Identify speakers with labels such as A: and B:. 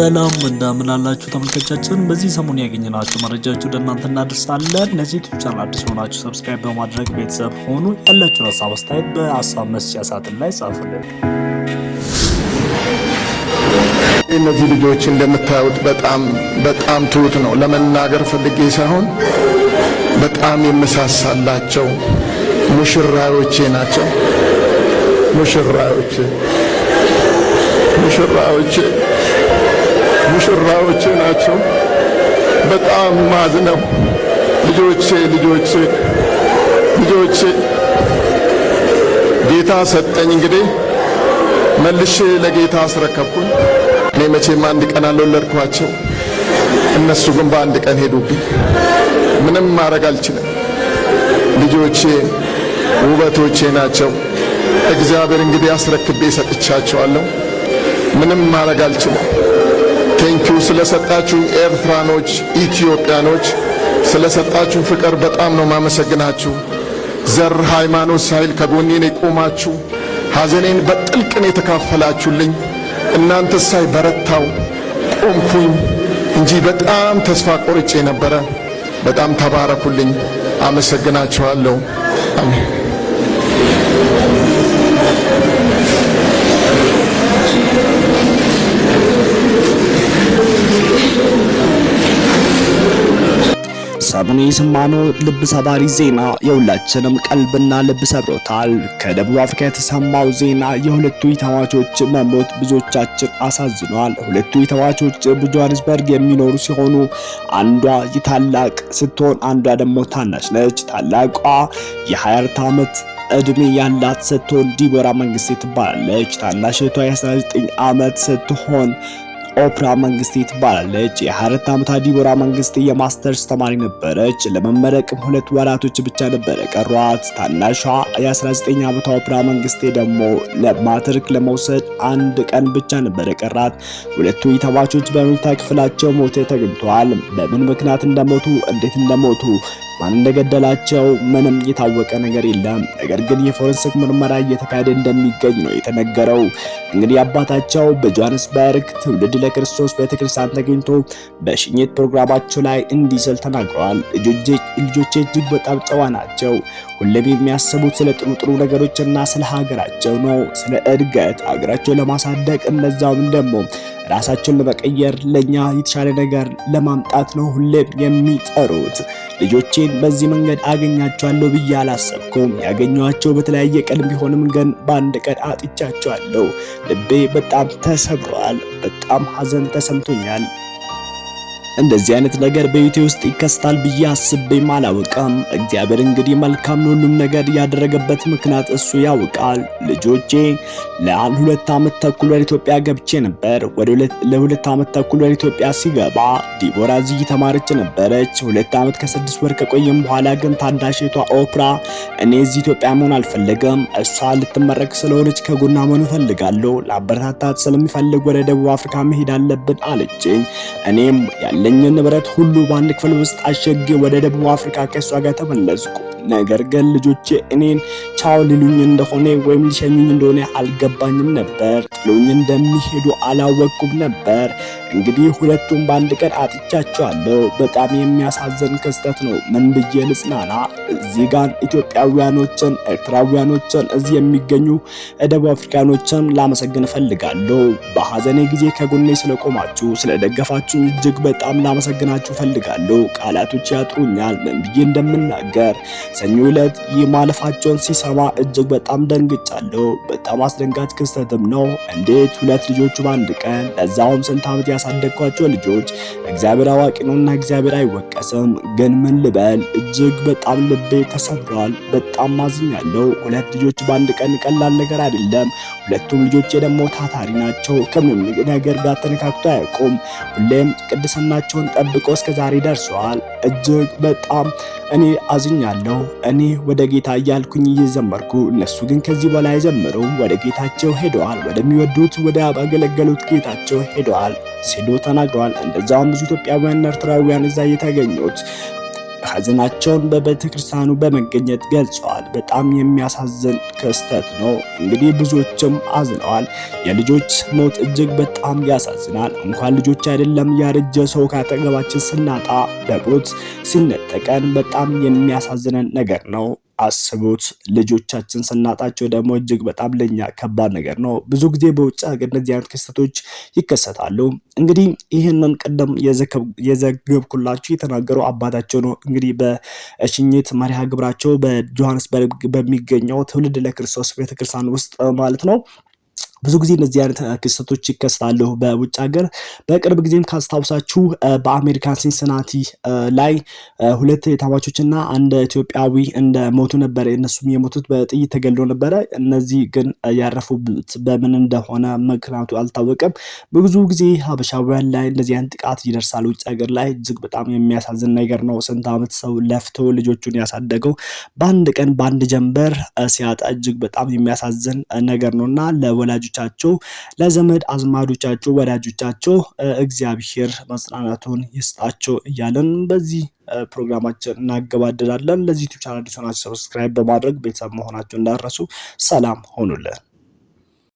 A: ሰላም እንደምን አላችሁ ተመልካቾቻችን። በዚህ ሰሞን ያገኘናችሁ መረጃዎች ወደ እናንተ እናደርሳለን። ለዚህ ዩቲዩብ ቻናል አዲስ ሆናችሁ ሰብስክራይብ በማድረግ ቤተሰብ ሆኑ። ያላችሁ ሀሳብ አስተያየት በሀሳብ መስጫ ሳጥን ላይ ጻፉልን። እነዚህ ልጆች እንደምታዩት በጣም በጣም ትሁት ነው። ለመናገር ፈልጌ ሳይሆን በጣም የምሳሳላቸው ሙሽራዮቼ ናቸው። ሙሽራዮቼ ሙሽራዮቼ ሙሽራዎቼ ናቸው። በጣም ማዝነው ልጆቼ ልጆቼ ልጆቼ ጌታ ሰጠኝ። እንግዲህ መልሼ ለጌታ አስረከብኩኝ። እኔ መቼም አንድ ቀን አልወለድኳቸው፣ እነሱ ግን በአንድ ቀን ሄዱብኝ። ምንም ማድረግ አልችልም። ልጆቼ ውበቶቼ ናቸው። እግዚአብሔር እንግዲህ አስረክቤ ሰጥቻቸዋለሁ። ምንም ማድረግ አልችልም። ቴንኪው ስለሰጣችሁ ኤርትራኖች፣ ኢትዮጵያኖች ስለሰጣችሁ ፍቅር በጣም ነው ማመሰግናችሁ። ዘር፣ ሃይማኖት ሳይል ከጎኔን የቆማችሁ ሐዘኔን በጥልቅን የተካፈላችሁልኝ እናንተ ሳይ በረታው ቆምኩኝ እንጂ በጣም ተስፋ ቆርጬ ነበረ። በጣም ተባረኩልኝ። አመሰግናችኋለሁ። አሜን። ዳግምን የሰማነው ልብ ሰባሪ ዜና የሁላችንም ቀልብና ልብ ሰብሮታል። ከደቡብ አፍሪካ የተሰማው ዜና የሁለቱ ተዋቾች መሞት ብዙዎቻችን አሳዝኗል። ሁለቱ ተዋቾች በጆሃንስበርግ የሚኖሩ ሲሆኑ አንዷ ታላቅ ስትሆን አንዷ ደግሞ ታናሽ ነች። ታላቋ የ24 ዓመት እድሜ ያላት ስትሆን ዲቦራ መንግስቴ ትባላለች። ታናሽቷ የ19 ዓመት ስትሆን ኦፕራ መንግስቴ ትባላለች። የ24 ዓመቷ ዲቦራ መንግስቴ የማስተርስ ተማሪ ነበረች። ለመመረቅም ሁለት ወራቶች ብቻ ነበረ ቀሯት። ታናሿ የ19 ዓመቷ ኦፕራ መንግስቴ ደግሞ ለማትሪክ ለመውሰድ አንድ ቀን ብቻ ነበረ ቀራት። ሁለቱ ተማቾች በመኝታ ክፍላቸው ሞተ ተገኝተዋል። በምን ምክንያት እንደሞቱ እንዴት እንደሞቱ ማን እንደገደላቸው ምንም የታወቀ ነገር የለም። ነገር ግን የፎረንሲክ ምርመራ እየተካሄደ እንደሚገኝ ነው የተነገረው። እንግዲህ አባታቸው በጆሃንስበርግ ትውልድ ለክርስቶስ ቤተክርስቲያን ተገኝቶ በሽኝት ፕሮግራማቸው ላይ እንዲህ ስል ተናግረዋል። ልጆቼ እጅግ በጣም ጨዋ ናቸው። ሁሌም የሚያስቡት ስለ ጥሩ ጥሩ ነገሮችና ስለ ሀገራቸው ነው፣ ስለ እድገት ሀገራቸው ለማሳደግ እነዛውም ደግሞ ራሳቸውን ለመቀየር ለኛ የተሻለ ነገር ለማምጣት ነው ሁሌም የሚጠሩት። ልጆቼን በዚህ መንገድ አገኛቸዋለሁ ብዬ አላሰብኩም። ያገኘኋቸው በተለያየ ቀን ቢሆንም ግን በአንድ ቀን አጥቻቸዋለሁ። ልቤ በጣም ተሰብሯል። በጣም ሀዘን ተሰምቶኛል። እንደዚህ አይነት ነገር በዩቴ ውስጥ ይከስታል ብዬ አስቤም አላወቀም። እግዚአብሔር እንግዲህ መልካም ነው፣ ሁሉም ነገር ያደረገበት ምክንያት እሱ ያውቃል። ልጆቼ ለአንድ ሁለት ዓመት ተኩል ወደ ኢትዮጵያ ገብቼ ነበር። ወደ ለሁለት ዓመት ተኩል ወደ ኢትዮጵያ ሲገባ ዲቦራ እዚህ ተማረች ነበረች። ሁለት ዓመት ከስድስት ወር ከቆየም በኋላ ግን ታናሽቷ ኦፕራ እኔ እዚህ ኢትዮጵያ መሆን አልፈለገም፣ እሷ ልትመረቅ ስለሆነች ከጎና መሆን እፈልጋለሁ፣ ለአበረታታት ስለሚፈልግ ወደ ደቡብ አፍሪካ መሄድ አለብን አለችኝ። እኔም ያለ ያለኝን ንብረት ሁሉ በአንድ ክፍል ውስጥ አሸጌ ወደ ደቡብ አፍሪካ ከእሷ ጋር ተመለስኩ። ነገር ግን ልጆቼ እኔን ቻው ሊሉኝ እንደሆነ ወይም ሊሸኙኝ እንደሆነ አልገባኝም ነበር። ጥሎኝ እንደሚሄዱ አላወቅኩም ነበር። እንግዲህ ሁለቱም በአንድ ቀን አጥቻቸዋለሁ። በጣም የሚያሳዝን ክስተት ነው። ምን ብዬ ልጽናና? እዚህ ጋር ኢትዮጵያውያኖችን፣ ኤርትራውያኖችን፣ እዚህ የሚገኙ ደቡብ አፍሪካኖችን ላመሰግን እፈልጋለሁ። በሐዘኔ ጊዜ ከጎኔ ስለቆማችሁ ስለደገፋችሁ እጅግ በጣም ላመሰግናችሁ እፈልጋለሁ። ቃላቶች ያጥሩኛል ምን ብዬ እንደምናገር። ሰኞ ዕለት ይህ ማለፋቸውን ሲሰማ እጅግ በጣም ደንግጫለሁ። በጣም አስደንጋጭ ክስተትም ነው። እንዴት ሁለት ልጆቹ በአንድ ቀን ለዛውም ስንት ዓመት ያሳደግኳቸው ልጆች እግዚአብሔር አዋቂ ነውና እግዚአብሔር አይወቀስም። ግን ምን ልበል፣ እጅግ በጣም ልቤ ተሰብሯል። በጣም ማዝኛለሁ። ሁለት ልጆች በአንድ ቀን ቀላል ነገር አይደለም። ሁለቱም ልጆች ደግሞ ታታሪ ናቸው። ከምንም ነገር ጋር ተነካክቶ አያውቁም። ሁሌም ቅድስናቸውን ጠብቆ እስከዛሬ ደርሰዋል። እጅግ በጣም እኔ አዝኛለሁ። እኔ ወደ ጌታ እያልኩኝ እየዘመርኩ እነሱ ግን ከዚህ በላይ ዘምረው ወደ ጌታቸው ሄደዋል። ወደሚወዱት ወደ አገለገሉት ጌታቸው ሄደዋል። ሲሉ ተናግረዋል። እንደዛውም ብዙ ኢትዮጵያውያን ኤርትራውያን እዛ እየተገኙት ሀዘናቸውን በቤተ ክርስቲያኑ በመገኘት ገልጸዋል። በጣም የሚያሳዝን ክስተት ነው። እንግዲህ ብዙዎችም አዝነዋል። የልጆች ሞት እጅግ በጣም ያሳዝናል። እንኳን ልጆች አይደለም ያረጀ ሰው ካጠገባችን ስናጣ በሞት ሲነጠቀን በጣም የሚያሳዝነን ነገር ነው አስቡት። ልጆቻችን ስናጣቸው ደግሞ እጅግ በጣም ለኛ ከባድ ነገር ነው። ብዙ ጊዜ በውጭ ሀገር እነዚህ አይነት ክስተቶች ይከሰታሉ። እንግዲህ ይህንን ቀደም የዘገብኩላቸው የተናገረው አባታቸው ነው። እንግዲህ በሽኝት መርሃ ግብራቸው በጆሃንስበርግ በሚገኘው ትውልድ ለክርስቶስ ቤተክርስቲያን ውስጥ ማለት ነው ብዙ ጊዜ እነዚህ አይነት ክስተቶች ይከሰታሉ በውጭ ሀገር። በቅርብ ጊዜም ካስታውሳችሁ በአሜሪካን ሲንስናቲ ላይ ሁለት የታማቾች እና አንድ ኢትዮጵያዊ እንደሞቱ ነበረ። እነሱም የሞቱት በጥይት ተገሎ ነበረ። እነዚህ ግን ያረፉት በምን እንደሆነ ምክንያቱ አልታወቀም። ብዙ ጊዜ ሀበሻውያን ላይ እንደዚህ አይነት ጥቃት ይደርሳል። ውጭ ሀገር ላይ እጅግ በጣም የሚያሳዝን ነገር ነው። ስንት ዓመት ሰው ለፍቶ ልጆቹን ያሳደገው በአንድ ቀን በአንድ ጀንበር ሲያጣ እጅግ በጣም የሚያሳዝን ነገር ነው እና ለወላጆ ለወዳጆቻችሁ፣ ለዘመድ አዝማዶቻቸው፣ ወዳጆቻቸው እግዚአብሔር መጽናናቱን ይስጣቸው እያለን በዚህ ፕሮግራማችን እናገባደዳለን። ለዚህ ዩቲብ ቻናል አዲስ ሰብስክራይብ በማድረግ ቤተሰብ መሆናቸው እንዳረሱ ሰላም ሆኑልን።